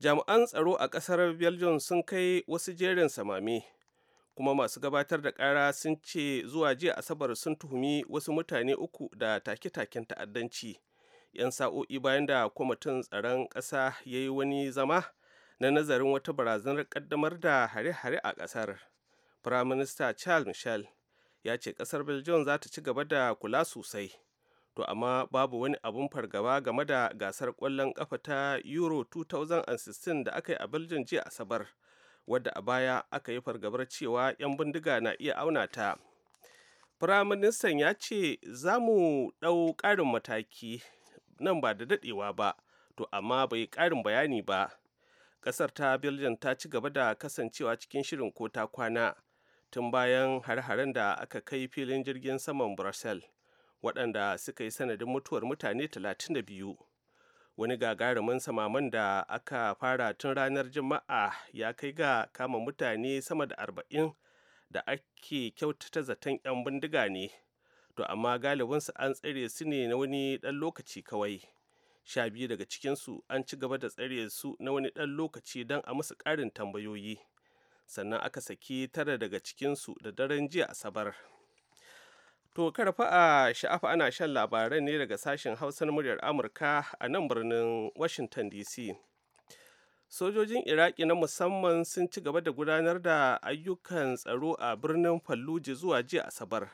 jami'an tsaro a ƙasar belgium sun kai wasu jerin samami kuma masu gabatar da ƙara sun ce zuwa jiya asabar sun tuhumi wasu mutane uku da take-taken ta'addanci 'yan sa'o'i bayan da kwamitin tsaron ƙasa ya yi wani zama na nazarin wata barazanar ƙaddamar da hare-hare a ƙasar firaminista charles michel ya ce ƙasar belgium za ta ci gaba da kula sosai to amma babu wani abun fargaba game da gasar kwallon kafa ta euro 2016 da aka yi a belgium jiya asabar wadda a baya aka yi fargabar cewa 'yan bindiga na iya auna ta firaministan ya ce za mu ɗau ƙarin mataki nan ba da daɗewa ba to amma bai ƙarin bayani ba ƙasar ta belgium ta ci gaba da kasancewa cikin shirin ko ta kwana tun bayan har-haren da aka kai filin jirgin saman brussels waɗanda suka yi sanadin mutuwar mutane 32 wani gagarumin samaman da aka fara tun ranar juma'a ya kai ga kama mutane sama da 40 da ake kyautata zaton 'yan bindiga ne to amma galibinsu an tsare su ne na wani ɗan lokaci kawai sha biyu daga cikinsu an ci gaba da tsare su na wani ɗan lokaci don a musu ƙarin tambayoyi sannan aka saki tara daga cikinsu da daren jiya asabar To fa'a, sha'afa ana shan labaran ne daga sashen Hausa na muryar Amurka a nan birnin Washington DC. Sojojin Iraki na musamman sun ci gaba da gudanar da ayyukan tsaro a birnin Fallujah zuwa jiya Asabar.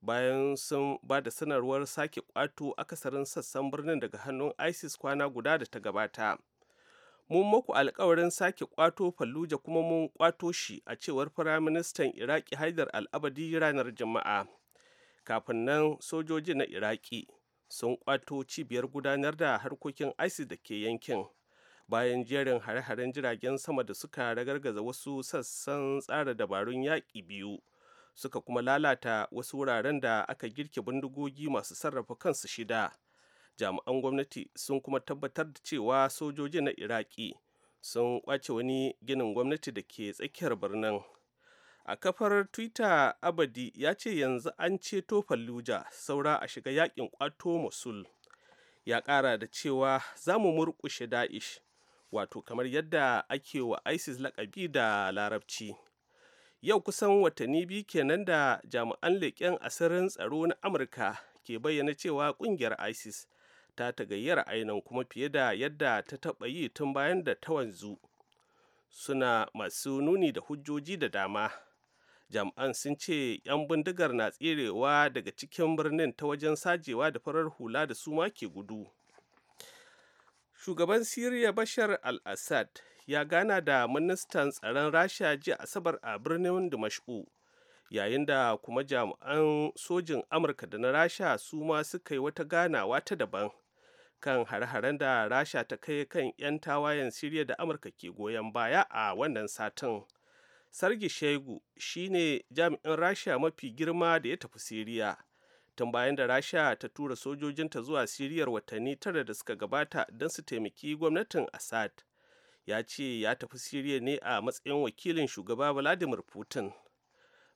Bayan sun ba da sanarwar sake kwato akasarin sassan birnin daga hannun ISIS kwana guda da ta gabata. Mun muku alkawarin sake kwato Fallujah kuma mun kwato shi a cewar Firaministan Iraki Haidar al ranar Juma'a. kafin nan sojoji na iraki sun kwato cibiyar gudanar da harkokin isis da ke yankin bayan jerin hare-haren jiragen sama da suka ragargaza wasu sassan tsara dabarun yaƙi biyu suka kuma lalata wasu wuraren da aka girke bindigogi masu sarrafa kansu shida jami'an gwamnati sun kuma tabbatar da cewa sojoji na iraki sun kwace wani ginin gwamnati da ke tsakiyar birnin a kafar twitter abadi ya ce yanzu an ceto fallujah saura a shiga yakin kwato mosul ya kara da cewa za mu murkushe da'ish wato kamar yadda ake wa isis lakabi da larabci yau kusan watanni biyu kenan da jami'an leƙen asirin tsaro na amurka ke bayyana cewa ƙungiyar isis ta tagayyar ainihin kuma fiye da yadda ta taɓa yi tun bayan da ta wanzu suna masu nuni da hujjoji da dama jami'an sun ce 'yan bindigar na tserewa daga cikin birnin ta wajen sajewa da farar hula da su ke gudu shugaban siriya bashar al-assad ya gana da ministan tsaron rasha jiya asabar a birnin dimashku yayin da kuma jami'an sojin amurka da na rasha su ma suka yi wata ganawa ta daban kan har haren da rasha ta kai kan 'yan tawayen siriya da amurka ke goyon baya a wannan satin sargi shi shine jami'in rasha mafi girma da ya tafi siriya tun bayan da rasha ta tura sojojinta zuwa siriyar watanni tara da suka gabata don su taimaki gwamnatin assad ya ce ya tafi siriya ne a matsayin wakilin shugaba vladimir putin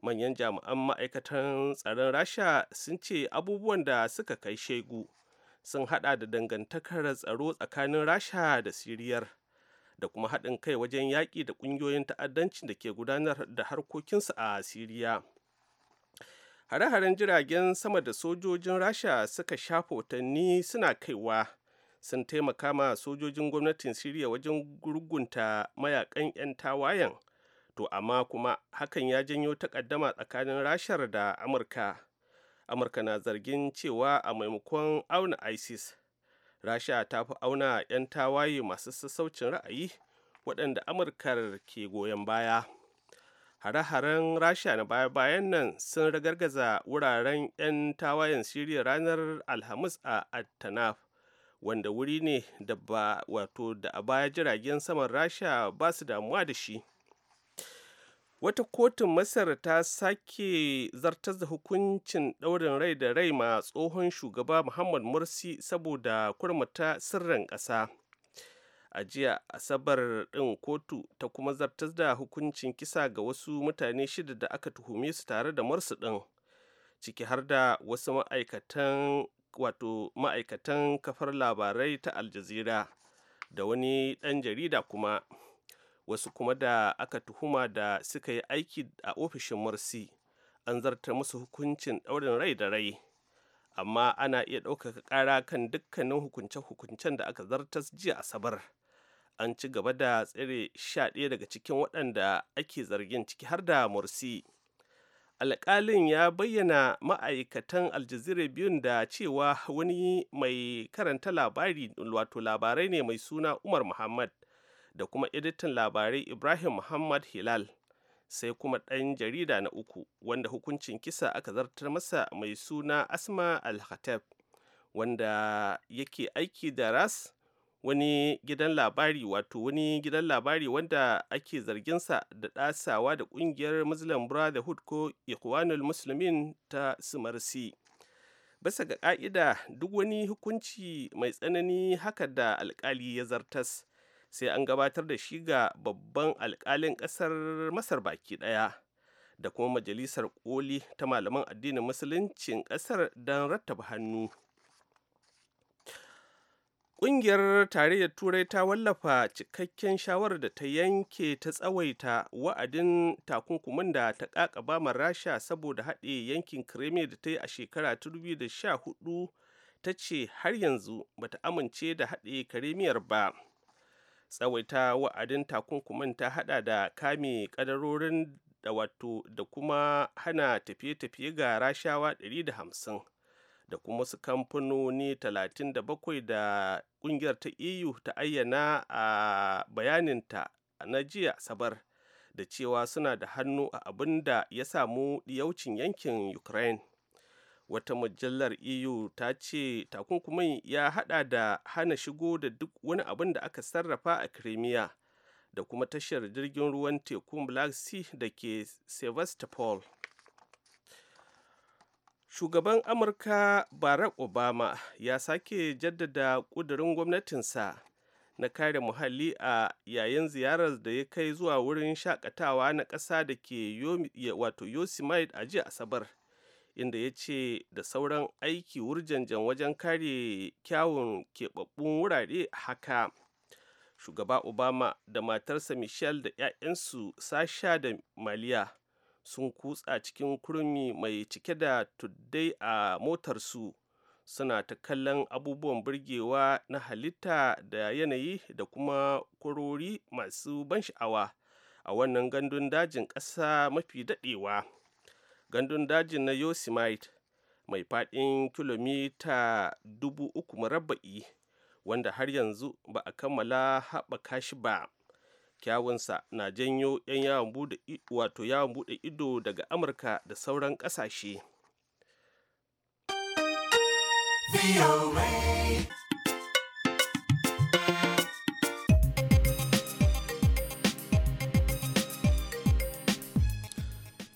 manyan jami'an ma'aikatan tsaron rasha sun ce abubuwan da suka kai shegu sun hada da dangantakar tsaro tsakanin rasha da siriyar da kuma haɗin kai wajen yaƙi da ƙungiyoyin ta'addanci da ke gudanar da harkokinsu a siriya hare-haren jiragen sama da sojojin rasha suka shafa watanni suna kaiwa sun taimaka ma sojojin gwamnatin siriya wajen gurgunta mayakan 'yan tawayen to amma kuma hakan ya janyo takaddama tsakanin rashar da amurka amurka na zargin cewa a maimakon auna isis rasha ta fi auna 'yan tawaye masu sassaucin ra'ayi waɗanda amurkar ke goyon baya hare-haren rasha na baya-bayan nan sun ragargaza wuraren 'yan tawayen siriya ranar alhamis a attanaf wanda wuri ne da ba wato da a baya jiragen saman rasha ba su damuwa da shi wata kotun masar ta sake zartar da hukuncin ɗaurin rai da rai ma tsohon shugaba muhammad mursi saboda kurmata sirrin ƙasa a jiya asabar ɗin kotu ta kuma zartar da hukuncin kisa ga wasu mutane shida da aka tuhume su tare da morsi ɗin ciki har da wasu ma'aikatan wato ma'aikatan kafar labarai ta aljazira da wani ɗan jarida kuma wasu kuma da aka tuhuma da suka yi aiki a ofishin mursi, an zartar musu hukuncin ɗaurin rai da rai amma ana iya ɗaukaka ƙara kan dukkanin hukunce-hukuncen da aka zartas jiya asabar an ci gaba da tsere sha ɗaya daga cikin waɗanda ake zargin ciki har da mursi. alƙalin ya bayyana ma'aikatan aljazira biyun da cewa wani mai karanta labari wato labarai ne mai suna umar muhammad da kuma editan labarai Ibrahim Muhammad Hilal sai kuma ɗan jarida na uku wanda hukuncin kisa aka zartar masa mai suna Asma al khatab wanda yake aiki da ras wani gidan labari wato wani gidan labari wanda ake zarginsa da ɗasawa da ƙungiyar muslim brotherhood ko ikhwanul muslimin ta Sumarsi. bisa ga ƙa'ida duk wani hukunci mai tsanani haka da alkali ya zartas sai an gabatar da shi ga babban alkalin ƙasar masar baki ɗaya da kuma majalisar koli ta malaman addinin musuluncin ƙasar don rattaba hannu Ƙungiyar Tarayyar Turai ta wallafa cikakken shawarar da ta yanke ta tsawaita wa'adin takunkumin da ta ƙaƙaba ma Rasha saboda haɗe yankin Crimea da ta yi a shekara sha 2014 ta ce har yanzu bata amince da haɗe karemiyar ba. tsawaita wa'adin takunkumin ta hada da kame kadarorin da wato da kuma hana tafiye-tafiye ga rashawa 150 da kuma su kamfanoni 37 da kungiyar ta eu ta ayyana a bayaninta na jiya sabar da cewa suna da hannu a abin da ya samu yaucin yankin ukraine wata mujallar eu ta ce takunkumin ya hada da hana shigo da duk wani abin da aka sarrafa a crimea da kuma tashar jirgin ruwan tekun black sea da ke sevastopol shugaban amurka barack obama ya sake jaddada kudurin gwamnatinsa na kare muhalli a yayin ziyarar da ya kai zuwa wurin shakatawa na ƙasa da ke wato yosemite a jiya asabar inda ya ce da sauran aiki wurjanjan wajen kare kyawun keɓaɓɓun wurare haka shugaba obama da matarsa michelle da 'ya'yansu sasha da maliya sun kutsa cikin kurmi mai cike da tuddai a motarsu suna ta kallon abubuwan burgewa na halitta da yanayi da kuma kwarori masu ban sha'awa a wannan gandun dajin ƙasa mafi daɗewa. gandun dajin na yosemite mai fadin kilomita dubu uku murabba'i wanda har yanzu ba a kammala haɓaka shi ba kyawunsa na janyo 'yan yawon bude wato yawon bude ido daga amurka da sauran ƙasashe.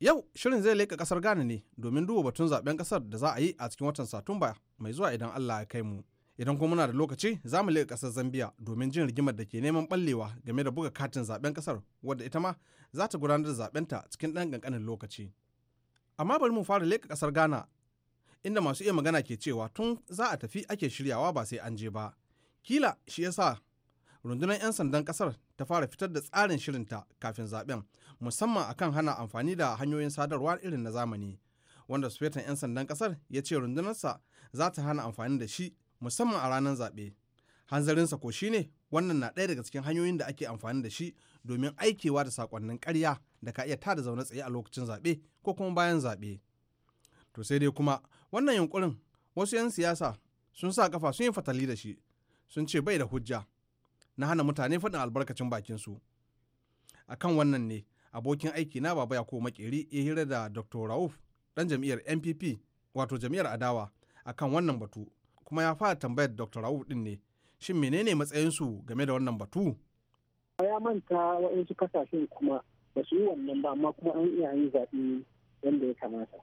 Yau shirin zai leƙa ƙasar Ghana ne domin duba batun zaɓen ƙasar da za a yi a cikin watan Satumba mai zuwa idan Allah ya kai mu. Idan kuma muna da lokaci za mu leƙa ƙasar Zambia domin jin rigimar da ke neman ɓallewa game da buga katin zaɓen ƙasar wadda ita ma za ta gudanar da zaɓenta cikin ɗan ƙanƙanin lokaci. Amma bari mu fara leƙa ƙasar Ghana inda masu iya magana ke cewa tun za a tafi ake shiryawa ba sai an je ba. Kila shi yasa rundunar 'yan sandan kasar ta fara fitar da tsarin shirinta kafin zaben musamman akan hana amfani da hanyoyin sadarwa irin na zamani wanda sufetan 'yan sandan kasar ya ce rundunarsa za ta hana amfani da shi musamman a ranar zaɓe hanzarinsa ko shine wannan na ɗaya daga cikin hanyoyin da ake amfani da shi domin aikewa da sakonnin karya da ka iya tada zaune tsaye a lokacin zaɓe ko kuma bayan zaɓe to sai dai kuma wannan yunkurin wasu 'yan siyasa sun sa kafa sun yi fatali da shi sun ce bai da hujja na hana mutane faɗin albarkacin bakinsu akan wannan ne abokin aiki na baba yakubu makeri ya hira da dr rauf dan jam'iyyar npp wato jam'iyyar adawa akan wannan batu kuma ya fara tambayar dr rauf din ne shin menene matsayinsu game da wannan batu ya manta waɗansu kasashen kuma ba su yi wannan ba amma kuma an iya yin zaɓe wanda ya kamata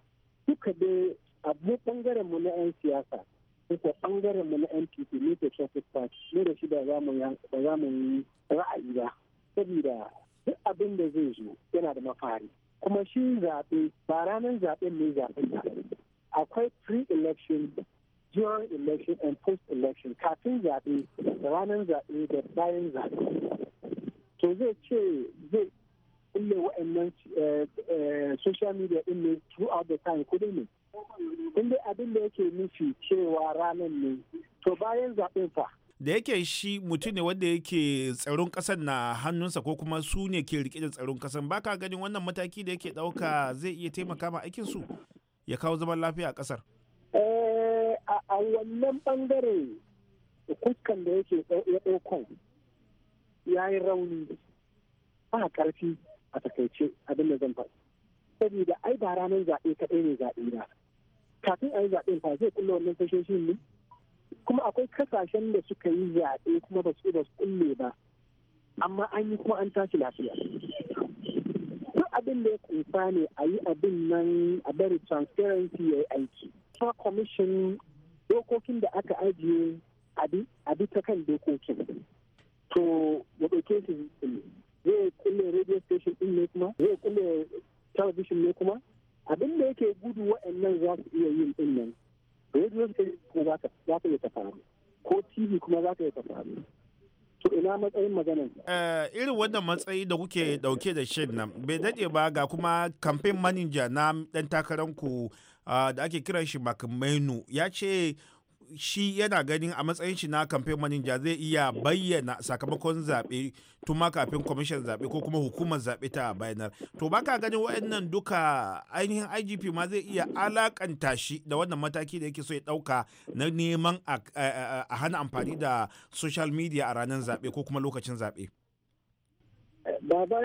duka dai abu ɓangaren mu na 'yan siyasa ko bangaren mu na NPP ne ke Traffic Party ne da shi ba za mu yi ra'ayi ba saboda duk abin da zai zo yana da mafari kuma shi zaɓe ba ranar zaɓen ne zaɓe ba. akwai pre-election during election and post-election kafin zaɓe ranar zaɓe da bayan zaɓe to zai ce zai kulle wa'annan eh, eh, social media din ne throughout the time kudin ne in dai abin da yake nufi cewa ranar ne to bayan zaɓen fa da yake shi mutum ne wanda yake tsaron ƙasar na hannunsa ko kuma su ne ke rike da tsaron ƙasar ka ganin wannan mataki da yake ɗauka zai iya taimaka ma aikin su ya kawo zaman lafiya a ƙasar eh, a wannan bangare fuskan da yake ya ɗaukan ya yi rauni ba ƙarfi a takaice abin da zan faɗi saboda ai ba ranar zaɓe kaɗai ne zaɓe ba. kafin a yi zaɓen ba zai kulle wannan tashoshin ne kuma akwai kasashen da suka yi zaɓe kuma ba su ba su kulle ba amma an yi kuma an tashi lafiya duk abin da ya kunsa ne a yi abin nan a bari transparency ya yi aiki ta commission dokokin da aka ajiye a bi ta kan dokokin to ya ɗauke su zai kulle radio station ɗin ne kuma zai kulle television ne kuma abin da yake gudu wa'annan za su iya yin din nan radio ko za ta iya ta faru ko tv kuma za ta iya ta faru to ina matsayin maganan eh, irin wannan matsayi da kuke dauke da shin nan bai dade ba ga kuma campaign manager na dan takaranku ah, da ake kiran shi makamainu ya ce shi yana ganin a matsayin shi na kamfen manager zai iya bayyana sakamakon zaɓe tuma kafin kwamishin zaɓe ko kuma hukumar zaɓe ta bayanar to baka ganin wayannan duka ainihin igp ma zai iya alakanta shi da wannan mataki da yake so ya ɗauka na neman a hana amfani da social media a ranar zaɓe ko kuma lokacin zaɓe ba ba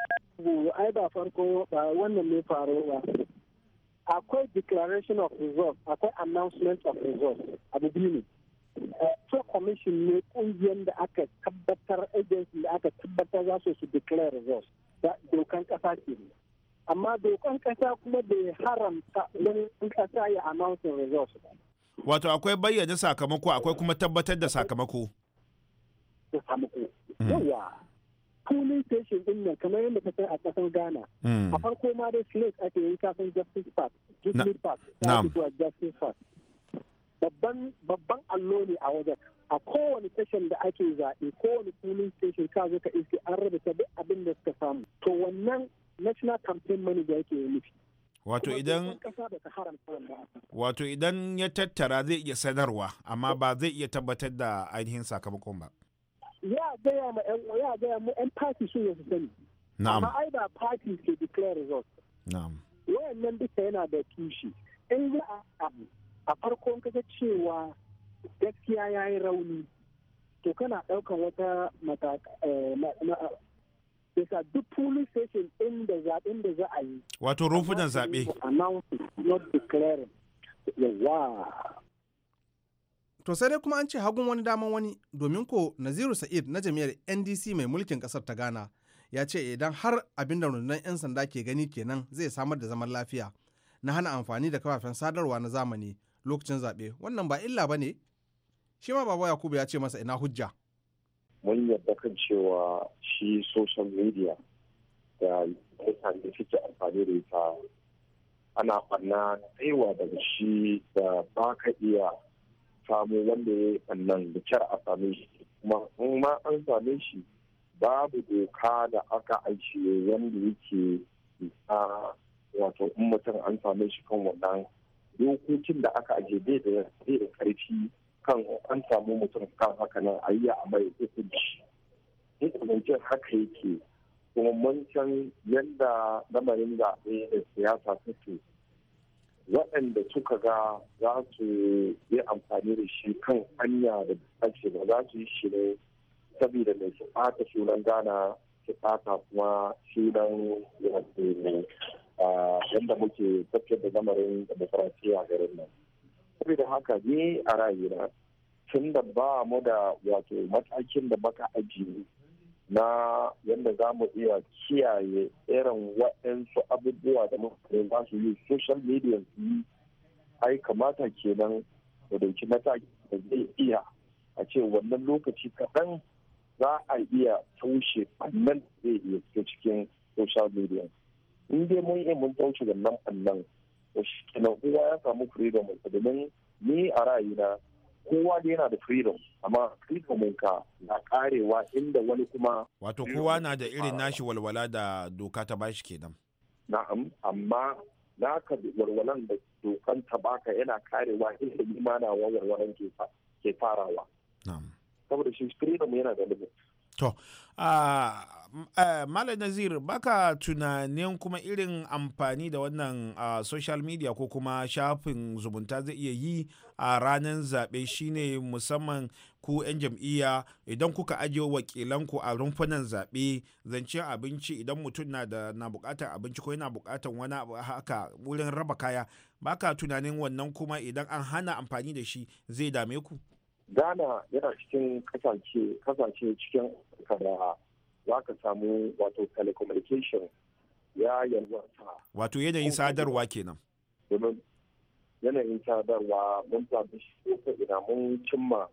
ai ba farko ba wannan ne faruwa akwai declaration of results akwai announcement of results a biyu ne eh, so commission ne kungiyar da aka tabbatar agency da aka tabbatar za su declare results dokan kasa ke amma dokan kasa kuma bai haramta wani kasa ya announce results wato akwai bayyana sakamako akwai kuma tabbatar da sakamako hmm. polling station din nan kamar yadda ka san a kasar Ghana. Hmm. A farko ma dai slate ake yi kafin justice park, justice park, justice park. Babban allo ne a wajen. A kowane station da ake zaɓe, kowane polling station ka zo ka iske an rubuta ta abin da suka samu. To wannan national campaign manager yake yi nufi. Wato idan Wato idan ya tattara zai iya sanarwa amma ba zai iya tabbatar da ainihin sakamakon ba. ya gaya ma yan ya gaya mu yan party su ya sani na'am amma ai ba party ke declare result na'am wayannan duka yana da kishi in za a abu a farkon kaga cewa gaskiya yayi rauni to kana daukan wata eh, yasa duk police station din da za a yi wato rumfunan zaɓe announcing not declaring yawa To sai dai kuma an ce hagun wani daman wani domin ko Naziru Sa'id na jami'ar NDC mai mulkin kasar ta Ghana ya ce idan har abin da rundunar 'yan sanda ke gani kenan zai samar da zaman lafiya na hana amfani da kafafen sadarwa na zamani lokacin zaɓe wannan ba illa ba ne? Shi ma Baba Yakubu ya ce masa ina hujja. Mun yarda kan cewa shi social media da mutane suke amfani da ita ana ɓanna tsaiwa daga shi da ba ka iya samu wanda ya yi sannan da kyar a same shi kuma in ma an same shi babu doka da aka aiki wanda yake a wato in mutum an same shi kan wannan dokokin da aka aje bai da bai da karfi kan an samu mutum kan haka nan a yi a mai hukunci hukuncin haka yake kuma mun san yadda lamarin zaɓe da siyasa suke waɗanda suka ga za su yi amfani da shi kan hanya da ake ba za su yi shi ne saboda mai su ɓata sunan gana su ɓata kuma sunan yadda muke tafiyar da lamarin demokarasiya a garin nan saboda haka ne a rayuwa tun da ba mu da wato matakin da baka ajiye na yadda za mu iya kiyaye irin waɗansu abubuwa da mutane za su yi social media su yi ai kamata kenan da dauki mataki da zai iya a ce wannan lokaci kaɗan za a iya taushe annan zai iya fito cikin social media in dai mun yi mun taushe wannan annan shi kenan kowa ya samu freedom domin ni a ra'ayina kowa da yana da freedom amma freedom ka na karewa inda wani kuma wato kowa na da irin nashi walwala da doka ta bashi kenan na'am amma naka walwalan da dokan ta baka yana karewa inda nima na walwalan ke farawa na'am saboda shi freedom yana da limit to ah, Eh, Malam Nazir baka tunanin kuma irin amfani da wannan social media ko kuma shafin zumunta zai iya yi a ranar zaɓe shine musamman ku 'yan jam'iyya idan kuka ajiye wakilanku a rumfunan zaɓe zance abinci idan mutum na da na buƙatar abinci ko yana buƙatar wani abu haka wurin raba kaya baka tunanin wannan kuma idan an hana amfani da shi zai dame ku. Ghana yana cikin kasashe cikin da za ka samu wato telecommunication ya yalwata. Wato yanayin sadarwa kenan. Domin yanayin sadarwa mun sami shi ko ina mun cimma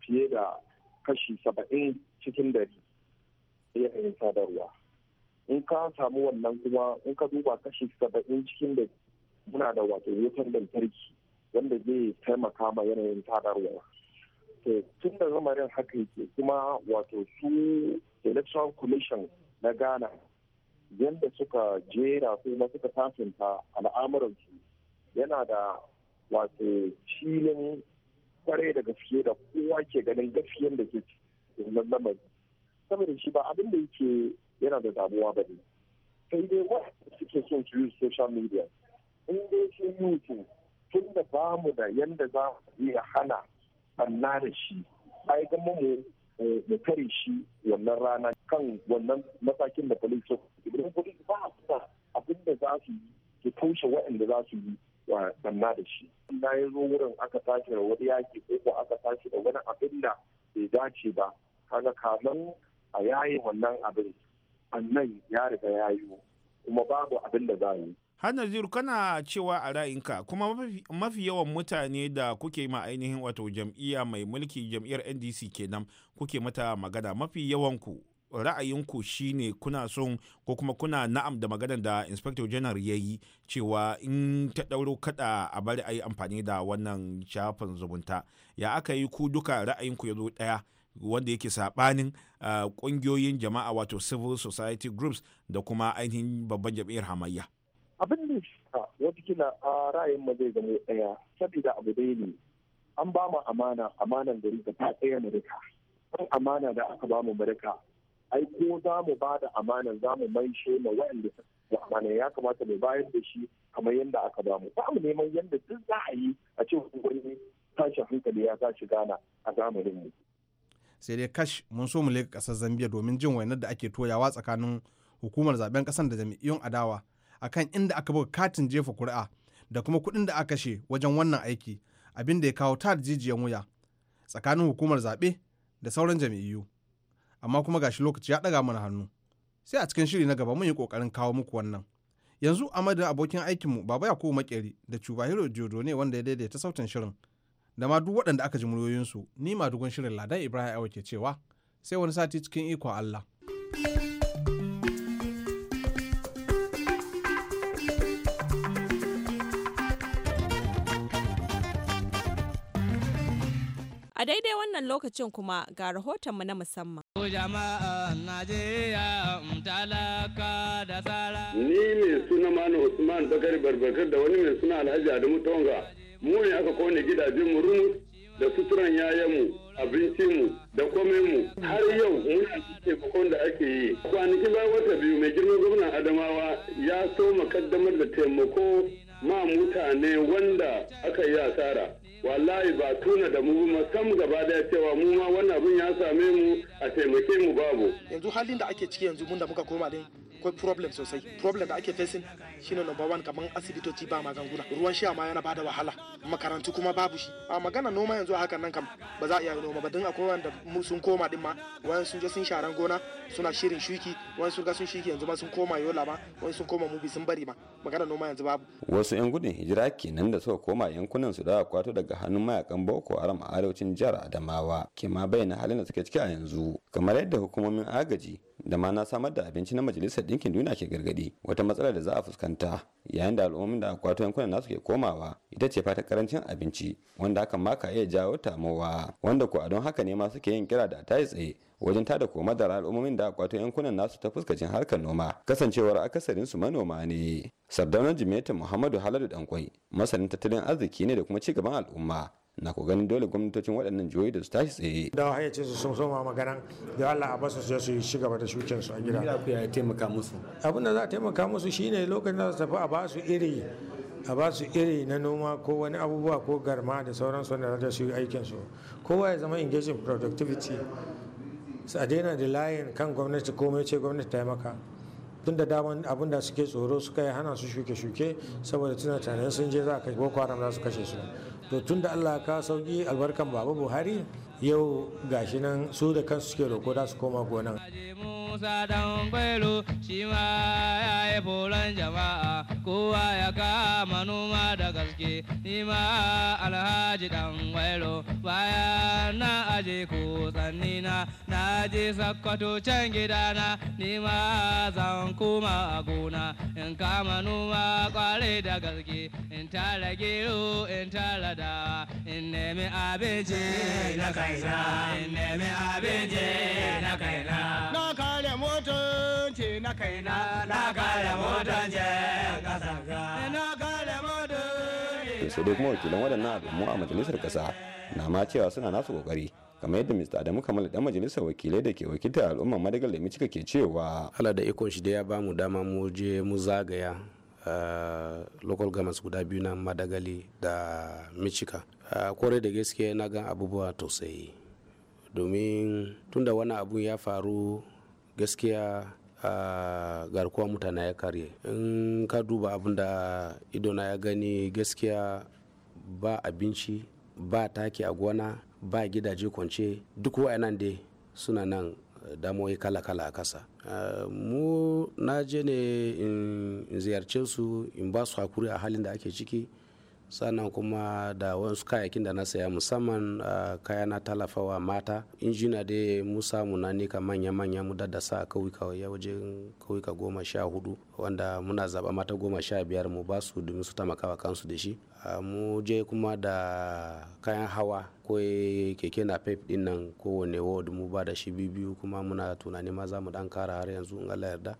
fiye da kashi saba'in cikin dari yanayin sadarwa. In ka samu wannan kuma in ka duba kashi saba'in cikin dari muna da wato wutar lantarki wanda zai taimaka ma yanayin sadarwa. to tun da zamarin haka yake kuma wato su electoral commission na ghana yadda suka jera kuma suka safinta al'amuransu yana da wato filin kwarai da gaske da kowa ke ganin gaskiyan da ke cikin lamari saboda shi ba abin da yake yana da damuwa ba ne sai dai wasu suke son su yi social media in dai sun yi tun da bamu da yadda za mu iya hana barna da shi ai gama mu da kare shi wannan rana kan wannan matakin da police idan police ba su abin da za su yi ke toshe waɗanda za su yi barna da shi na ya zo wurin aka tashi da wani yaki ko ko aka tashi da wani abin da bai dace ba kaga kaman a yayi wannan abin annan ya riga ya yi kuma babu abin da za yi har naziru kana cewa a ra'inka kuma mafi yawan mutane da kuke ma ainihin wato jam'iyya mai mulki jam'iyyar ndc kenan kuke mata magana mafi yawan ku ra'ayinku shine kuna son ko kuma kuna na'am da maganar da inspector general ya yi cewa in ta ɗauro kaɗa a bari a yi amfani da wannan shafin zumunta ya aka yi ku duka ra'ayinku ya zo ɗaya wanda yake saɓanin ah, ƙungiyoyin jama'a wato civil society groups da kuma ainihin babban jam'iyyar hamayya abin da watakila a ra'ayin ma zai zama ɗaya saboda abu dai ne an ba mu amana amanan gari da ta tsaye mu rika an amana da aka ba mu mu ai ko za mu ba da amanan za mu she ma waɗanda da amana ya kamata mu bayar da shi kamar yadda aka ba mu ba mu neman yadda duk za a yi a ce wani tashi hankali ya tashi gana a zamanin mu sai dai kash mun so mu leka ƙasar zambia domin jin wainar da ake toyawa tsakanin hukumar zaben ƙasar da jami'un adawa akan inda aka buga katin jefa kuri'a da kuma kuɗin da aka kashe wajen wannan aiki abin da ya kawo tar jijiyan wuya tsakanin hukumar zaɓe da sauran jam'iyyu amma kuma gashi lokaci ya ɗaga mana hannu sai a cikin shiri na gaba mun yi ƙoƙarin kawo muku wannan yanzu a madadin abokin aikinmu baba yakubu makeri da cubahiro jodo ne wanda ya daidaita sautin shirin da ma duk waɗanda aka ji muryoyinsu ni madugun shirin ladan ibrahim awa ke cewa sai wani sati cikin ikon allah daidai wannan lokacin kuma ga rahotonmu na musamman. Ni mai suna mani Usman Bakar Barbakar da wani mai suna Alhaji Adamu Tonga. Mu ne aka kone gidajen mu rumus da suturan yayanmu, abincinmu da mu Har yau muna cike bakon da ake yi. Kwanaki bayan wata biyu mai girman gwamnan Adamawa ya so makaddamar da taimako ma mutane wanda aka yi asara. wallahi ba tuna da mu ba sam gaba daya cewa mu ma wannan abin ya same mu a taimake mu babu yanzu halin da ake ciki yanzu mun da muka koma din akwai problem sosai problem da ake facing shine number one kamar asibitoci ba maganguna. ruwan sha ma yana bada wahala makarantu kuma babu shi a magana noma yanzu a hakan nan kam ba za a iya noma ba don akwai wanda sun koma din ma wayan sun je sun sharan gona suna shirin shuki wayan sun ga sun shuki yanzu ma sun koma yola ma wayan sun koma mubi sun bari ma magana noma yanzu babu wasu yan gudun hijira kenan da suka koma yankunan su da kwato daga hannun mayakan boko haram a arewacin jihar adamawa ke ma bayyana halin da suke ciki a yanzu kamar yadda hukumomin agaji da ma na samar da abinci na majalisar ɗinkin duniya ke gargadi wata matsalar da za a fuskanta yayin da al'ummomin da akwato yankunan nasu ke komawa ita ce fata karancin abinci wanda hakan ma ka iya jawo tamowa wanda ko a don haka ne ma suke yin kira da tayi tsaye wajen tada koma da al'ummomin da akwato yankunan nasu ta fuskacin harkar noma kasancewar akasarin su manoma ne sardaunar jimeta muhammadu haladu dankwai masanin tattalin arziki ne da kuma ci gaban al'umma na ku ganin dole gwamnatocin waɗannan jihohi da su tashi tsaye da hayyacin su sun soma maganan da Allah a basu su su ci gaba da shukin su a gida ya taimaka musu abin da za a taimaka musu shine lokacin da su tafi a basu iri a ba iri na noma ko wani abubuwa ko garma da sauran sauransu da za su yi aikinsu kowa ya zama engaging productivity a daina da layin kan gwamnati komai ce gwamnati ta yi maka tun da daman abin da suke tsoro suka yi hana su shuke-shuke saboda tuna tunanin sun je za a kai boko haram za su kashe su to tunda allah ka sauki albarkan babu buhari yau gashi su da kansu suke roko da su koma gonan musa dan gwelo shi ma jama'a kowa ya kama noma da gaske ni alhaji dan gwelo baya na aje ko na na je sakkwato can gidana ni zan koma a gona in kama noma kware da gaske in tara gero in tara da in nemi abinci na kaina na kaina na kare mutunci na kaina na kare mutunci na kare mutunci sai duk kuma wakilan waɗannan al'ummu a majalisar ƙasa na ma cewa suna nasu ƙoƙari kamar yadda Mr. Adamu Kamal dan majalisar wakilai da ke wakiltar al'ummar Madagal da Micika ke cewa Allah da ikon shi da ya bamu dama mu je mu zagaya ah, local governments guda biyu na Madagali da Michika A ah, kwarai da gaske na gan abubuwa tausayi domin tunda wani abun ya faru gaskiya a ah, garkuwa mutane ya karye in ka duba abin da idona ya gani gaskiya ba abinci ba taki a gona ba gidaje kwance duk wa'annan dai suna nan eh, damoyi kala-kala a kasa ah, mu na je ne in ziyarce su in ba su hakuri a halin da ake ciki sannan kuma da wasu kayakin da na saya musamman kaya na talafawa mata injina da mu samu na nika manya-manya mu daddasa a kauyuka ya wajen kauyuka goma sha hudu wanda muna zaba mata goma sha biyar mu ba su domin su tamakawa kansu da shi mu je kuma da kayan hawa ko keke na pep din nan kowane ward mu ba da shi biyu kuma muna tunani ma za mu dan kara har yanzu in Allah yarda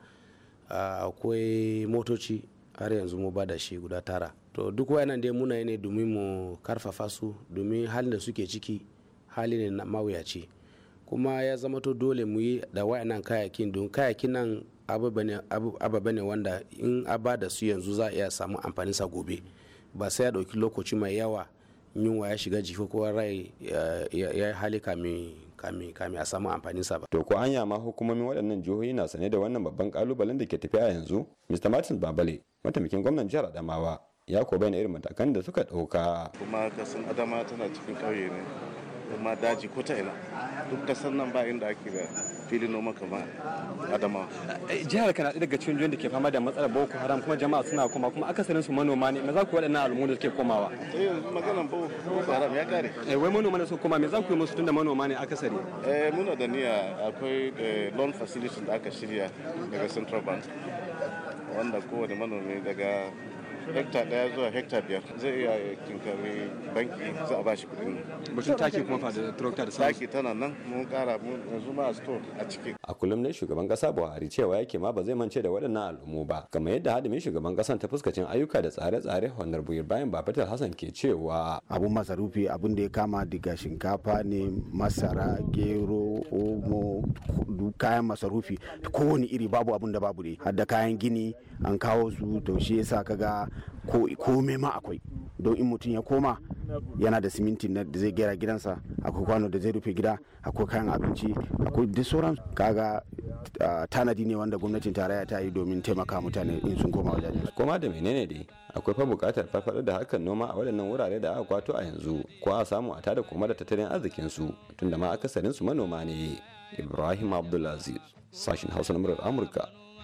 akwai motoci har yanzu mu ba da shi guda tara to duk wayannan dai muna ne domin mu karfafa su domin halin da suke ciki hali ne na mawuyaci kuma ya zama to dole mu yi da wayannan kayakin don kayakin nan ababa ne wanda in aba da su yanzu za a iya samu amfanin sa gobe ba sai ya dauki lokaci mai yawa yunwa ya shiga jifo ko rai ya yi hali kami a samu amfanin sa ba. To ko anya ma hukumomin waɗannan jihohi na sane da wannan babban kalubalen da ke tafiya yanzu? Mr. Martin Babale, mataimakin gwamnan jihar Adamawa, ya ko bayan irin matakan da suka ɗauka. kuma kasan adama tana cikin ƙauye ne kuma daji ko ta ina duk kasan nan ba inda ake da filin noma kama adama. Eh, jihar kana daga cikin jihohin da ke fama da matsalar boko haram kuma jama'a suna koma kuma akasarin su manoma ne me za ku waɗannan al'ummu da suke komawa. eh maganan boko haram ya kare. eh wai manoma ne su koma me za ku yi musu tunda manoma ne akasari. eh muna da niyya akwai eh, loan facility da aka shirya daga central bank wanda kowane manomi daga hekta daya zuwa hekta biyar zai iya kinkari banki za a bashi kudin ta taki kuma fa da tractor da taki tana nan mun kara mun yanzu ma store a ciki a kullum ne shugaban kasa Buhari cewa yake ma ba zai mance da waɗannan al'ummu ba kamar yadda hadimin shugaban kasan ta fuskacin ayyuka da tsare-tsare Honorable bayan Babatar Hassan ke cewa abun masarufi abun da ya kama daga shinkafa ne masara gero omo kayan masarufi kowane iri babu abun da babu ne har da kayan gini an kawo su to shi yasa kaga ko komai ma akwai don in mutum ya koma yana da siminti da zai gera gidansa akwai kwano da zai rufe gida akwai kayan abinci akwai duk sauran kaga tanadi ne wanda gwamnatin tarayya ta yi domin taimaka mutane in sun koma wajen koma da menene dai akwai fa bukatar farfaɗo da hakan noma a waɗannan wurare da aka kwato a yanzu ko a samu a tada koma da tattalin arzikin su tunda ma akasarin su manoma ne ibrahim abdulaziz sashin hausa na murar amurka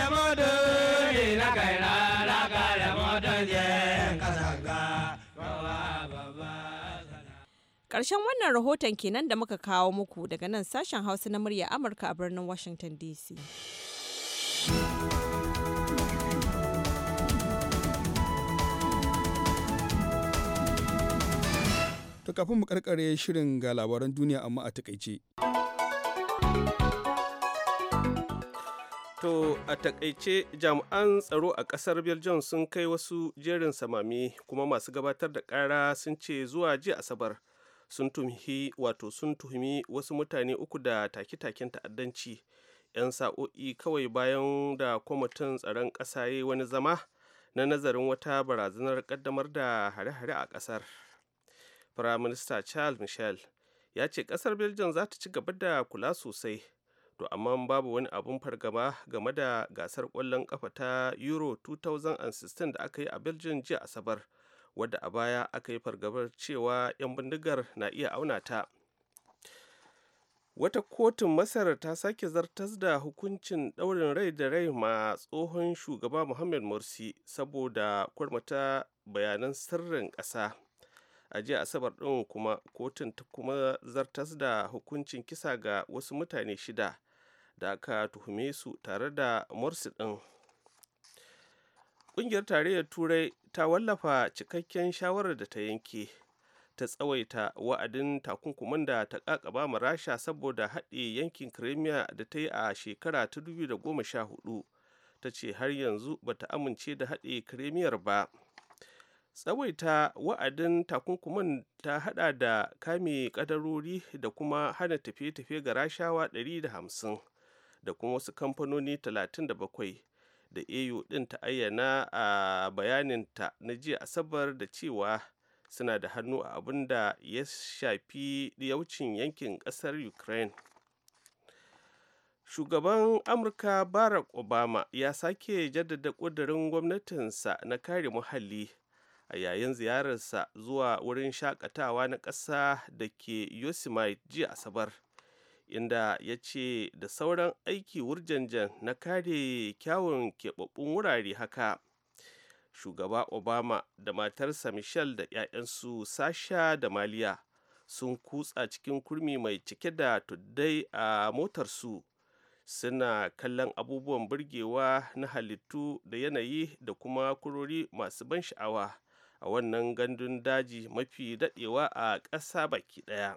da wannan rahoton kenan da muka kawo muku daga nan sashen Hausa na murya Amurka a birnin Washington DC. To kafin mu karkare shirin ga labaran duniya amma a takaice. To a takaice jami'an tsaro a kasar Belgium sun kai wasu jerin samami kuma masu gabatar da kara sun ce zuwa ji Asabar sun tumhi wato sun tuhumi wasu mutane uku da take-taken ta'addanci 'yan sa'o'i kawai bayan da kwamitin tsaron ƙasa ya wani zama na nazarin wata barazanar ƙaddamar da hare-hare a ƙasar. Firaminista Charles Michel ya ce ƙasar Belgium za ta ci gaba da kula sosai to amma babu wani abun fargaba game da gasar kwallon kafa ta euro 2016 da aka yi a belgium jiya asabar wadda a baya aka yi fargabar cewa 'yan bindigar na iya auna ta wata kotun masar ta sake zartas da hukuncin daurin rai da rai ma tsohon shugaba muhammad morsi saboda kwarmata bayanan sirrin ƙasa a jiya asabar ɗin kuma kotun ta kuma zartas da hukuncin kisa ga wasu mutane shida da aka tuhume su tare da morsi din? ƙungiyar tarayyar turai ta wallafa cikakken shawarar da ta yanke ta tsawaita wa'adin takunkuman da ta kakaba ma rasha saboda haɗe yankin crimea da ta yi a shekara ta 2014 ta ce har yanzu ba ta amince da haɗe kremiyar ba tsawaita wa'adin takunkuman ta haɗa da kame kadarori da kuma hana tafiye-tafiye ga rashawa 150 da kuma wasu kamfanoni 37 da au din ta ayyana a bayaninta na jiya asabar da cewa suna da hannu a abin da ya shafi yaucin yankin kasar ukraine shugaban amurka barack obama ya sake jaddada ƙudurin gwamnatinsa na kare muhalli a yayin ziyararsa zuwa wurin shakatawa na ƙasa da ke yosemite jiya asabar inda ya ce da sauran aiki wurjanjan na kare kyawun keɓaɓɓun wurare haka shugaba obama da matarsa michelle da 'ya'yansu sasha da maliya sun kutsa cikin kurmi mai cike da tuddai a motarsu suna kallon abubuwan burgewa na halittu da yanayi da kuma kurori masu ban sha'awa a wannan gandun daji mafi daɗewa a ƙasa baki ɗaya.